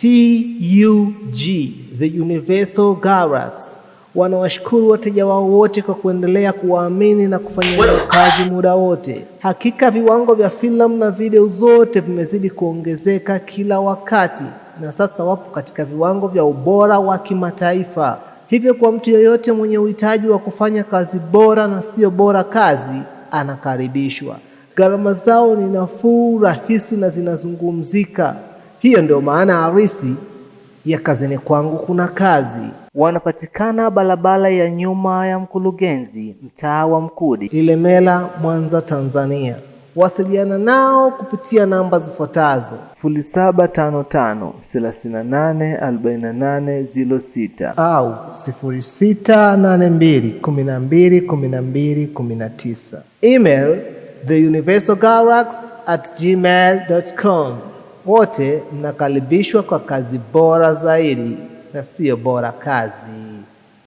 TUG, The Universal Garax, wanawashukuru wateja wao wote kwa kuendelea kuwaamini na kufanya kazi muda wote. Hakika viwango vya filamu na video zote vimezidi kuongezeka kila wakati, na sasa wapo katika viwango vya ubora wa kimataifa. Hivyo kwa mtu yoyote mwenye uhitaji wa kufanya kazi bora na sio bora kazi, anakaribishwa. Gharama zao ni nafuu, rahisi na zinazungumzika. Hiyo ndio maana harisi ya kazini kwangu kuna kazi. Wanapatikana barabara ya nyuma ya mkurugenzi, mtaa wa Mkudi, Ilemela, Mwanza, Tanzania. Wasiliana nao kupitia namba zifuatazo: 0755384806 au 0682121219. 12 Email theuniversalgalaxy at gmail.com wote mnakaribishwa kwa kazi bora zaidi na sio bora kazi.